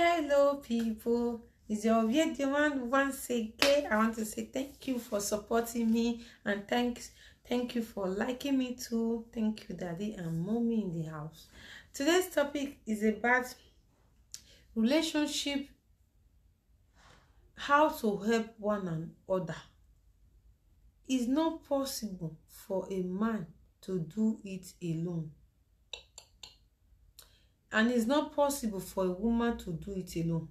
Hello, people. It's your Vietnam once again. I want to say thank you for supporting me and thanks, thank you for liking me too. Thank you, Daddy and Mommy in the house. Today's topic is about relationship, how to help one another. It's not possible for a man to do it alone and it's not possible for a woman to do it alone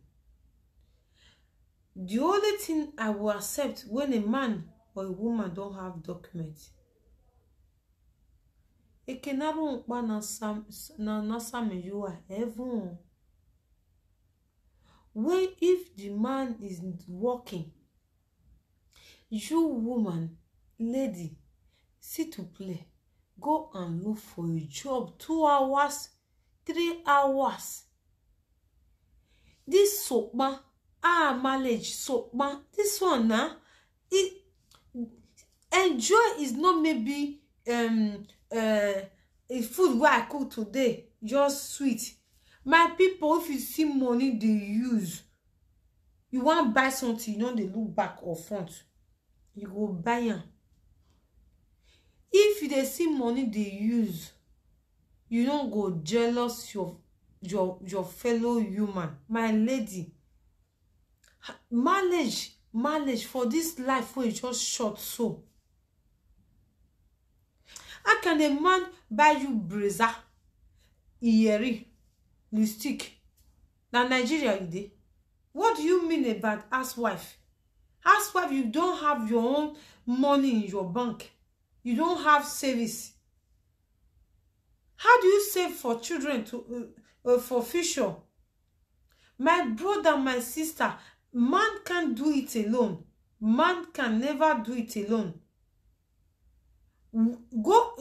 the only thing i will accept when a man or a woman don't have document ekenaru nkpa na sam na na samiyua heaven when if the man is working you woman lady sit to play go and look for a job two hours three hours this sokpa ah mileage sokpa this one na it enjoy is not maybe um, uh, a food wey i cook today just sweet my people if you see money dey use you wan buy something you no dey look back or front you go buy am if you dey see money dey use you no go jealous your your your fellow human my lady marriage marriage for this life wey just short so how can a man buy you brazier earring lipstick na nigeria you dey what do you mean about housewife housewife you don have your own money in your bank you don have service. How do you save for children to uh, uh, for future? My brother, my sister, man can't do it alone. Man can never do it alone. Go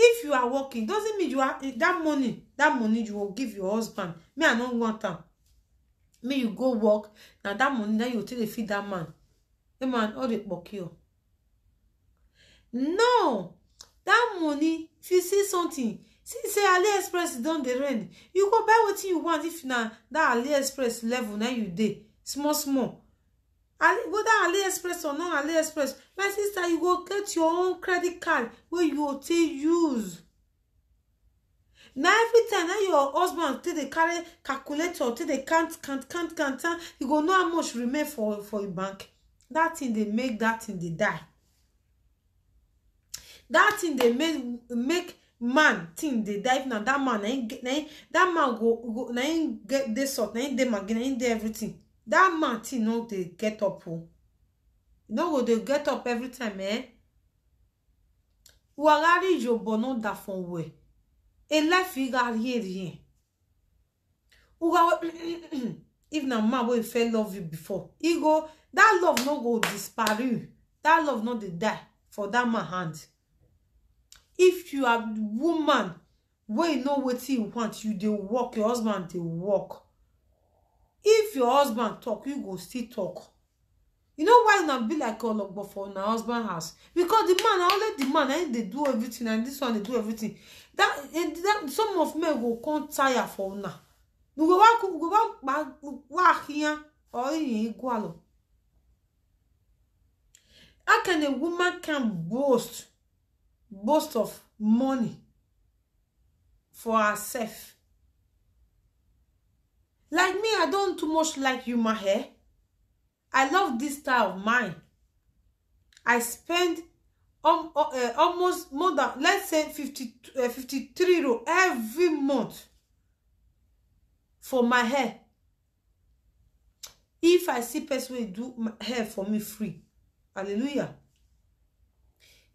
if you are working doesn't mean you are that money that money you will give your husband. Me, I don't want am. Me, you go work Now that money then you take dey feed that man. The man all dey kpoki o. No, that money if you see something see say aliexpress don dey reign you go buy wetin you want if na that aliexpress level na you dey small small ali that aliexpress or non aliexpress my sister you go get your own credit card wey you go take use na time na your husband take dey carry calculator take dey count count count count count you go know how much remain for for your bank that thing dey make that thing dey die that thing dey make man thing dey die if na that man na him na that man go go na him get dey salt na him dey maggi na him dey everything that man thing no dey get up o e no go dey get up every time eh wàhálà ìjọba no da fún wẹ ẹlẹfì rárí èrìyàn wúwa if na man wey fẹ love you before e go that love no go disparue that love no dey die for that man hand if you are woman wey you know wetin you want you dey work your husband dey work if your husband talk you go still talk you know why una be like ologbo for una husband house because the man na only the man na him dey do everything and this one dey do everything that eh, that some of men go come tire for una you go wa go wa pa wa hiyan or yin igwalo how can a woman can boast boast of money for herself. Like me, I don't too much like human hair. I love this style of mine. I spend um, uh, almost more than, let's say, 50, uh, 53 euro every month for my hair. If I see person will do my hair for me free, hallelujah.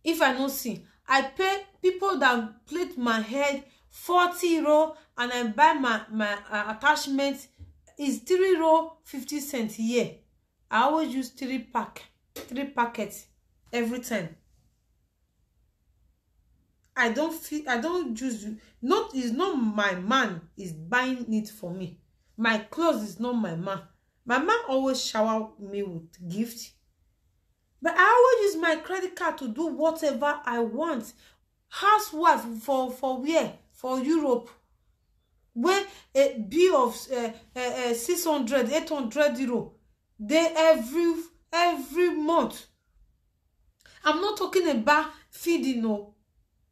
If I don't see, I pay people that plait my head 40 euro and I buy my, my uh, attachment is 3 euro 50 cents a year. I always use 3 pack, 3 packets every time. I don't feel I don't use. Not is not my man is buying it for me. My clothes is not my man. My man always shower me with gift But I will use my credit card to do whatever I want. Housework for for where? For Europe. Where a bill of uh, uh, uh, 600, 800 euro. They every every month. I'm not talking about feeding no.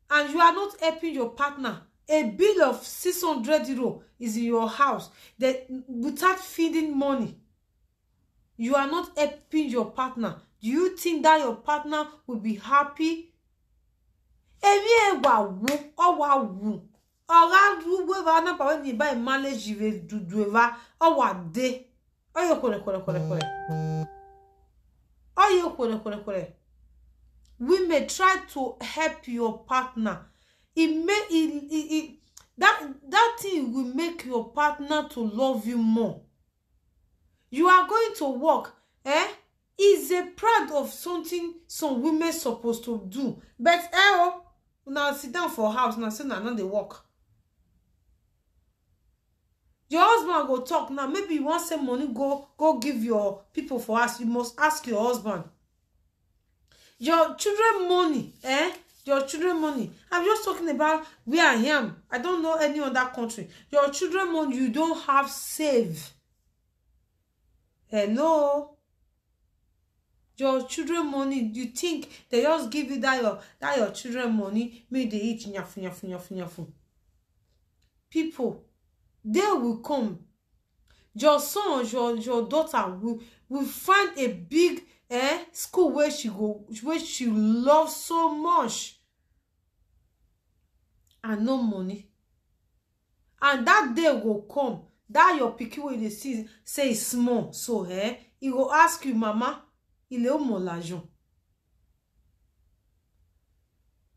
And you are not helping your partner. A bill of 600 euro is in your house that without feeding money. You are not helping your partner do you think that your partner will be happy èmi ẹwà wù ọwà wù ọ̀rá wúwẹ́wà náà pàwẹ́ ní ìbá ìmálẹ́jì rẹ̀ dùdù ẹ̀rá ọwà dé ọyọ kọ̀rẹ̀kọ̀rẹ̀kọ̀rẹ̀ ọyọ kọ̀rẹ̀kọ̀rẹ̀kọ̀rẹ̀ women try to help your partner e may e e that that thing will make your partner to love you more you are going to work eh is a proud of something some women supposed to do but eh oh una sit down for house na say una no dey work your husband go talk now maybe you wan send money go go give your people for house you must ask your husband your children money eh your children money i'm just talking about where i am i don't know any other country your children money you don't have save hello your children money you think they just give you that your that your children money make they eat nyafu nyafu nyafu nyafu people they will come your son your your daughter will will find a big eh, school where she go where she love so much and no money and that day will come that your pikin wey you dey see say e small so eh, he go ask you mama ile umolajun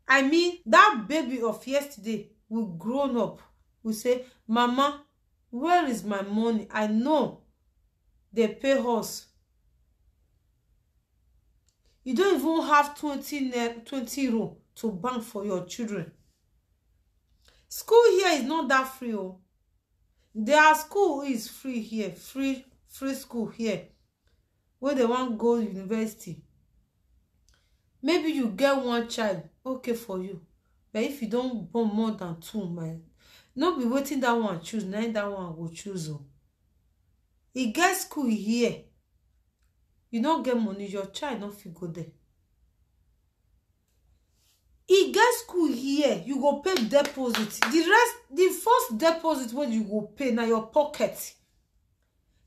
i mean that baby of yesterday will grown up will say mama where is my money i know they pay us you don't even have 20 twenty euro to bank for your children school here is not that free oh their school is free here free free school here wey dey wan go university maybe you get one child okay for you but if you don born more than two man, no be wetin that one choose na that one go choose o oh. e get school here you no get money your child no fit go there e get school here you go pay deposit the rest the first deposit wey you go pay na your pocket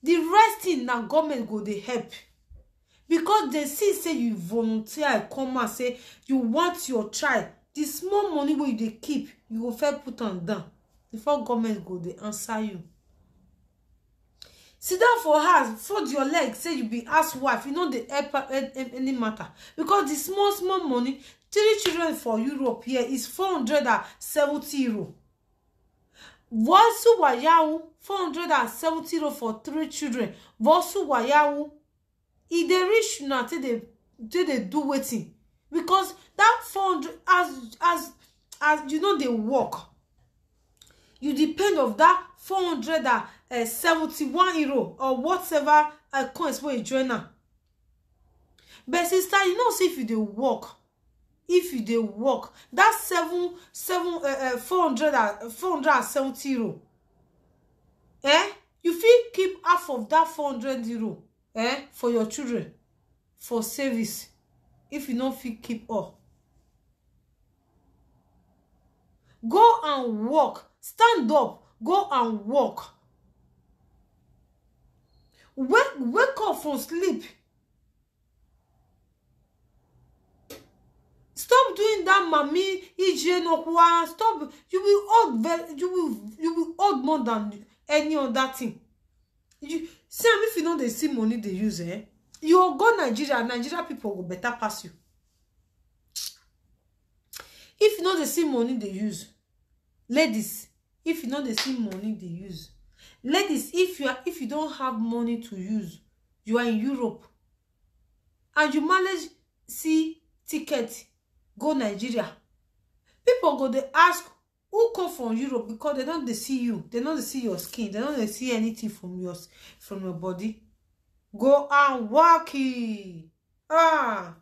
the rest thing na government go dey help because they see say you volunteer come and say you want your child the small money wey you dey keep you go first put am down before government go dey answer you sit down for house fold your leg say you be housewife you no dey help any matter because the small small money three children for europe here is four hundred and seventy euro wọ́sùwàyáwó four hundred and seventy euro for three children wọ́sùwàyáwó e dey reach now take dey take dey do wetin because that fund as as as you no dey work you depend of that four hundred and eh, seventy-one euro or whatever uh, coins wey you join am but sister you know say if you dey work if you dey work that seven seven eh, four hundred and four hundred and seventy euro eh you fit keep half of that four hundred euro eh, for your children for service if you don't fit keep up go and walk. stand up go and walk. wake wake up from sleep stop doing that mami ijenokwa stop you will old you will you will old more than any other thing you see if you know dey see money they use eh you go nigeria nigeria people will better pass you if you know dey see money they use ladies if you know dey see money they use ladies if you are if you don't have money to use you are in europe and you manage see ticket go nigeria people go they ask who come from europe because they don't dey see you They don't see your skin They don't see anything from your from your body go and walk it ah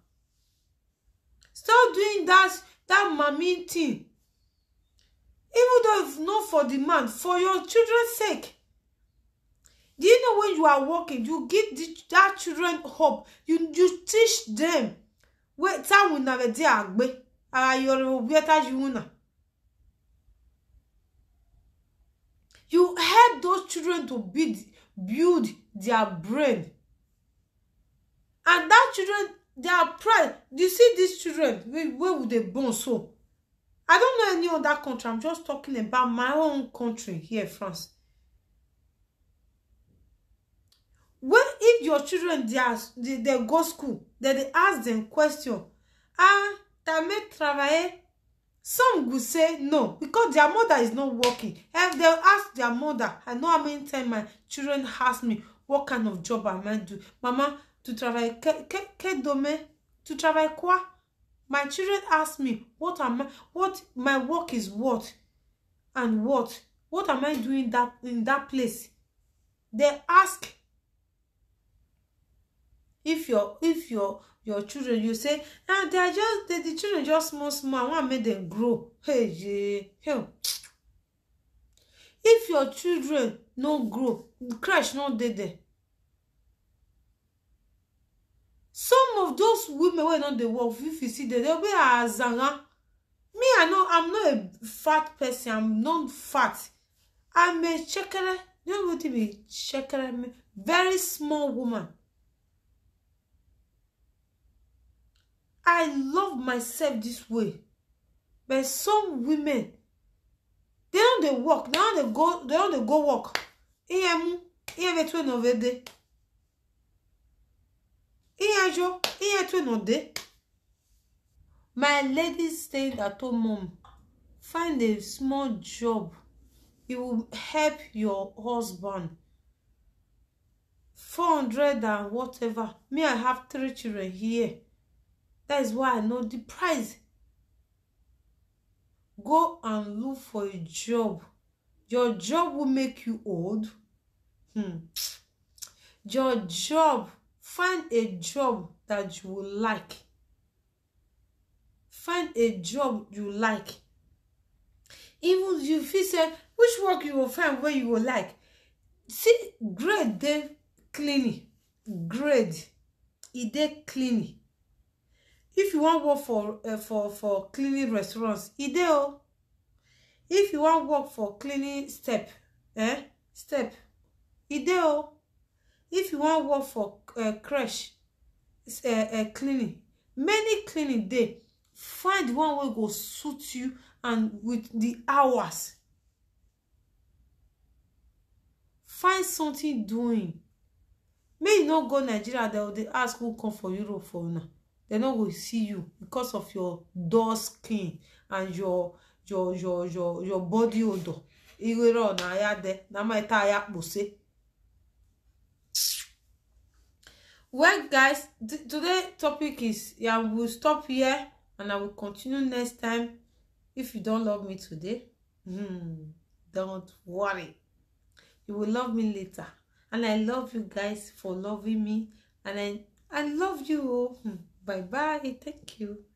stop doing that that mommy thing even though it's not for the man for your children's sake do you know when you are working you give the, that children hope you you teach them wey táwọn ìnàrẹ̀dẹ́ àgbẹ̀ ara yorùbá bí ẹ tájú wùnà. those children to build build their brain and that children their pride you see these children where wey they born so i don't know any other country i'm just talking about my own country here france when if your children they ask dey dey go school dem dey ask them question ah ta me travailler some go say no because their mother is not working if they ask their mother i know how many times my children ask me what kind of job am i do mama to travail que que que domain to travail quoi my children ask me what am i what my work is what and what what am i doing that in that place they ask if your if your your children you say Now ah, they are just they, the children just small small i wan make them grow hey yeah hell oh. if your children no grow crash no dey there some of those women wey no the work if you see them, dey be a zanga. me i know. i'm not a fat person i'm not fat i'm a checker. you know wetin be shekere very small woman I love myself this way. But some women, they don't they work. They don't they go. They don't they go work. Iyemu, iye tu no vede. Iye jo, iye tu no de. My lady staying at home mom, find a small job. It will help your husband. 400 and whatever. Me, I have three children here. That is why I know the price. Go and look for a job. Your job will make you old. Hmm. Your job, find a job that you will like. Find a job you like. Even you feel say which work you go find wey you go like. See grade dey cleaning. Grade e dey clean if you wan work for uh, for for cleaning restaurants e dey o if you wan work for cleaning step eh step e dey o if you wan work for uh, eh, creche uh, uh, eh, cleaning many cleaning dey find one wey go suit you and with the hours find something doing May you no go nigeria dem dey ask who come for europe for una they no go see you because of your dull skin and your your your your your body odor iwere ọna ya dị na maịta ya kpose well guys today topic is yeah we will stop here and i will continue next time if you don't love me today hmm, don't worry you will love me later and i love you guys for loving me and i i love you oh. hmm. Bye bye. Thank you.